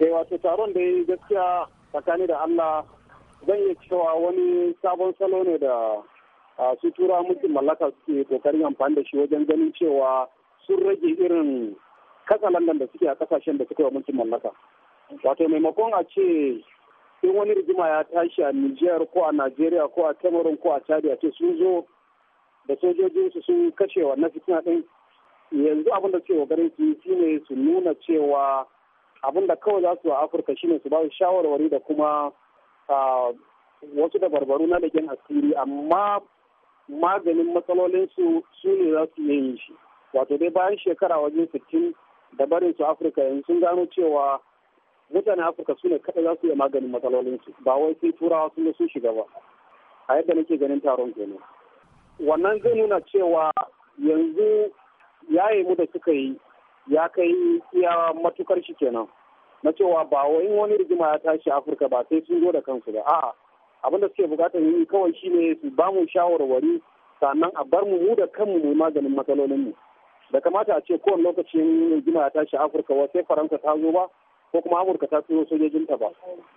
eh wato taron da yi gaskiya tsakani da Allah zan iya cewa wani sabon salo ne da su tura mallaka suke kokarin amfani da shi wajen ganin cewa sun rage irin katsalandan da suke a kasashen da suka yi mulkin mallaka wato maimakon a ce in wani rigima ya tashi a Nijiyar ko a Najeriya ko a Cameroon ko a Chad ya ce sun zo da su sun kashe wannan fitina din yanzu abin da suke garin su yi shine su nuna cewa abin da kawai za su a afirka shine su ba su shawarwari da kuma wasu dabarbaru na legen asiri amma maganin matsalolinsu su ne za su iya yin shi wato dai bayan shekara wajen sittin da barin su afirka yanzu sun gano cewa mutane afirka su ne kada za su iya maganin matsalolinsu ba wai sai turawa sun sun shiga ba a yadda nake ganin taron kenan wannan zai nuna cewa yanzu yayi mu da suka yi ya kai iya matukar shi kenan na cewa ba in wani rigima ya tashi afirka ba sai sun zo da kansu ba a'a abinda suke bukatar yi kawai shine su ba mu shawarwari sannan a bar mu mu da kanmu mu maganin matsalolin mu da kamata a ce kowane lokacin rigima ya tashi afirka wa sai faransa ta zo ba ko kuma amurka ta turo ta ba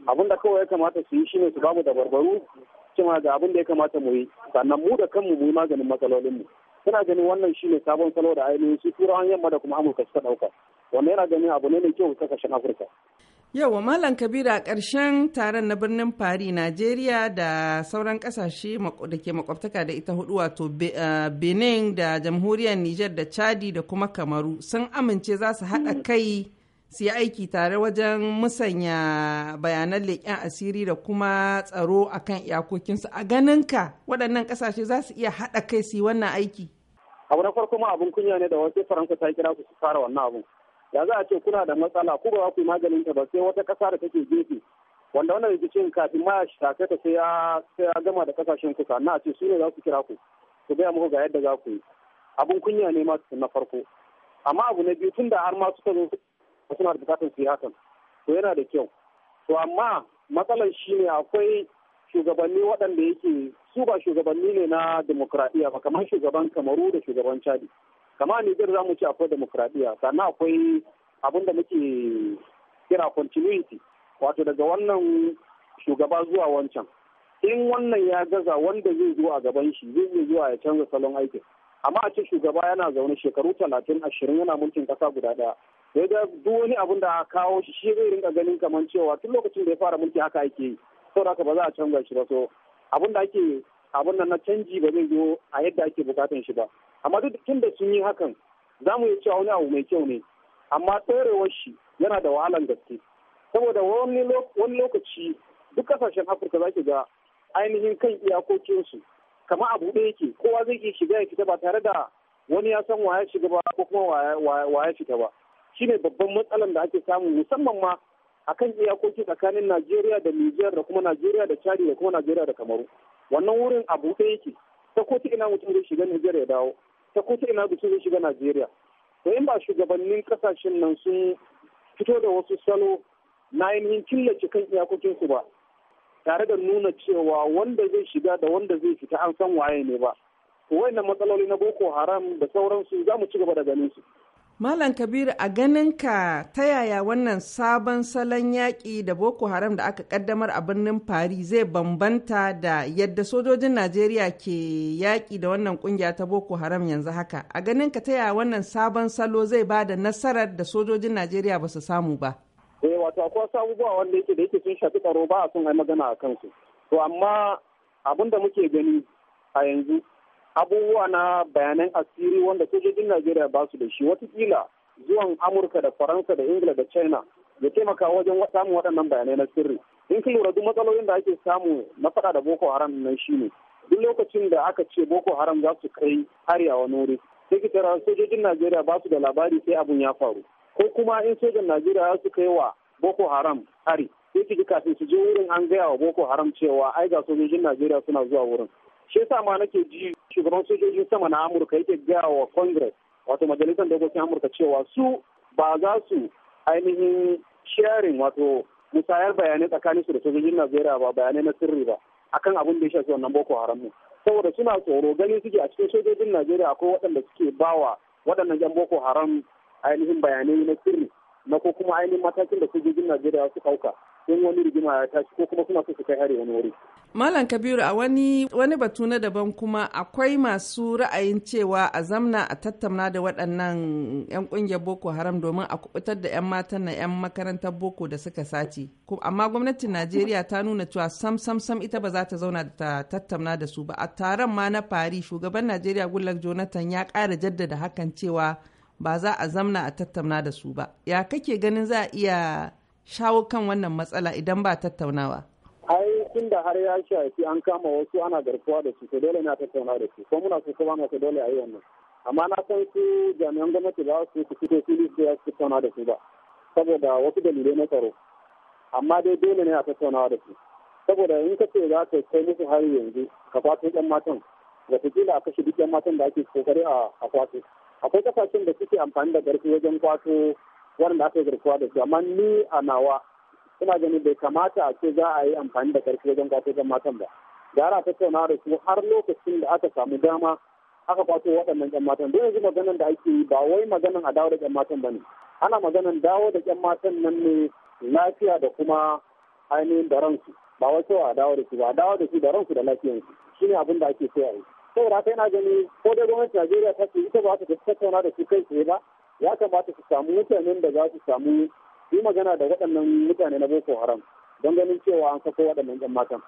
abinda kawai ya kamata su yi shine su babu mu dabarbaru cewa ga abin da ya kamata mu yi sannan mu da kanmu mu maganin matsalolin mu suna ganin wannan shi ne sabon salo da ainihin su turawan yamma da kuma amurka suka ɗauka wanda yana ganin abu ne mai kyau ta ƙarshen afirka Yau, Malam Kabiru a ƙarshen taron na birnin Fari, nigeria da sauran ƙasashe da ke makwabtaka da ita hudu wato eh, Benin da jamhuriyar niger da Chadi da kuma Kamaru sun amince za su haɗa mm. kai su yi aiki tare wajen musanya bayanan leƙen asiri da kuma tsaro a kan iyakokinsu a ganinka waɗannan ƙasashe za su iya haɗa kai su yi wannan aiki abu na farko ma abin kunya ne da wasu faransa ta kira su su fara wannan abun ya za a ce kuna da matsala ko ba za ku yi maganin ta ba sai wata ƙasa da take gefe wanda wannan rikicin kafin ma ya kai ta sai ya gama da kasashen kusa na a ce su ne za su kira ku su gaya muku ga yadda za ku yi abun kunya ne ma na farko amma abu na biyu tun da har ma suka zo suna da bukatun su yi hakan to yana da kyau to amma matsalar shi ne akwai shugabanni waɗanda yake su ba shugabanni ne na demokradiyya ba kamar shugaban kamaru da shugaban chadi kamar nijar za mu ce akwai demokradiyya sannan akwai abin da muke kira continuity wato daga wannan shugaba zuwa wancan in wannan ya gaza wanda zai zo a gaban shi zai iya zuwa ya canza salon aikin amma a ce shugaba yana zaune shekaru talatin ashirin yana mulkin kasa guda ɗaya sai da duk wani abun da a kawo shi shi zai rinka ganin kamar cewa tun lokacin da ya fara mulki haka ake yi saboda ba za a canza shi ba so abun da ake abun nan na canji ba zai zo a yadda ake bukatan shi ba amma duk tun da sun yi hakan za mu iya cewa wani abu mai kyau ne amma ɗorewar shi yana da wahalan gaske saboda wani lokaci duk kasashen afirka za ke ga ainihin kan iyakokinsu kamar abu ɗaya yake kowa zai iya shiga ya fita ba tare da wani ya san waya shiga ba ko kuma waya fita ba shi ne babban matsalar da ake samu musamman ma a kan iyakoki tsakanin Najeriya da Nijar da kuma Najeriya da Chad da kuma Najeriya da Kamaru wannan wurin a buɗe yake ta ko ta ina mutum zai shiga Nijar ya dawo ta ko ta ina mutum zai shiga Najeriya to in ba shugabannin kasashen nan sun fito da wasu salo na ainihin killace kan iyakokinsu ba tare da nuna cewa wanda zai shiga da wanda zai fita an san waye ne ba to wayannan matsaloli na boko haram da sauransu za mu ci gaba da ganin su Malam kabir a ganin ka ta yaya wannan sabon salon yaƙi da Boko Haram da aka ƙaddamar a birnin Fari zai bambanta da yadda sojojin Najeriya ke yaƙi da wannan ƙungiya ta Boko Haram yanzu haka. A ganinka ta yaya wannan sabon salo zai ba da nasarar da sojojin Najeriya ba su samu ba? Eh wato akwai wasu wanda yake da yake sun shafi tsaro ba a sun magana a kansu. To amma abin da muke gani a yanzu abubuwa na bayanan asiri wanda sojojin najeriya ba su da shi watakila zuwan amurka da faransa da ingila da china ya taimaka wajen samun waɗannan bayanai na sirri in ka lura duk matsalolin da ake samu na faɗa da boko haram nan ne. duk lokacin da aka ce boko haram za su kai hari a wani wuri sai ka tara sojojin najeriya ba su da labari sai abun ya faru ko kuma in sojan najeriya su kai wa boko haram hari sai ka ji kafin su je wurin an gaya wa boko haram cewa ai ga sojojin najeriya suna zuwa wurin shi yasa ma nake ji shugaban sojojin sama na amurka yake gaya wa congress wato majalisar dokokin amurka cewa su ba za su ainihin sharing wato musayar bayanai tsakanin su da sojojin najeriya ba bayanai na sirri ba akan abin da ya shafi wannan boko haram ne saboda suna tsoro ganin suke a cikin sojojin najeriya akwai waɗanda suke bawa waɗannan yan boko haram ainihin bayanai na sirri na ko kuma ainihin matakin da sojojin najeriya suka ɗauka in wani rigima ya tashi ko kuma suna so su kai hari wani wuri. Malam Kabiru a wani wani batu na daban kuma akwai masu ra'ayin cewa a zamna a tattauna da waɗannan 'yan ƙungiyar Boko Haram domin a kubutar da 'yan matan na 'yan makarantar Boko da suka sace. Amma gwamnatin Najeriya ta nuna cewa sam sam sam ita ba za ta zauna ta tattauna da su ba. A taron ma na fari shugaban Najeriya Gullak Jonathan ya ƙara jaddada hakan cewa ba za a zamna a tattauna da su ba. Ya kake ganin za a iya shawo kan wannan matsala idan ba tattaunawa? ai tun da har ya shafi an kama wasu ana garkuwa da su to dole na tattauna da su ko muna su ko ba dole a yi wannan amma na san su jami'an gwamnati ba su su fito fili su ya tattauna da su ba saboda wasu dalilai na tsaro amma dai dole ne a tattaunawa da su saboda in ka ce za ka kai musu har yanzu ka kwato yan matan wataƙila a kashe duk yan matan da ake kokari a kwato akwai kasashen da suke amfani da garfi wajen kwato waɗanda aka yi garkuwa da su amma ni a nawa ina ganin bai kamata a ce za a yi amfani da karfi wajen kwato kan matan ba gara tattauna da su har lokacin da aka samu dama aka kwato waɗannan ƴan matan don yanzu maganan da ake yi ba wai maganan a dawo da ƴan matan ba ne ana maganan dawo da ƴan matan nan ne lafiya da kuma ainihin da ransu ba wai cewa a dawo da su ba a dawo da su da ransu da lafiyansu shine abin da ake so a yi saboda haka gani ko dai gwamnatin Najeriya ta ce ita ba ta tattauna da su kai tsaye ba ya kamata su samu mutanen da za su samu yi magana da waɗannan mutane na boko haram don ganin cewa an kafa waɗannan 'yan matan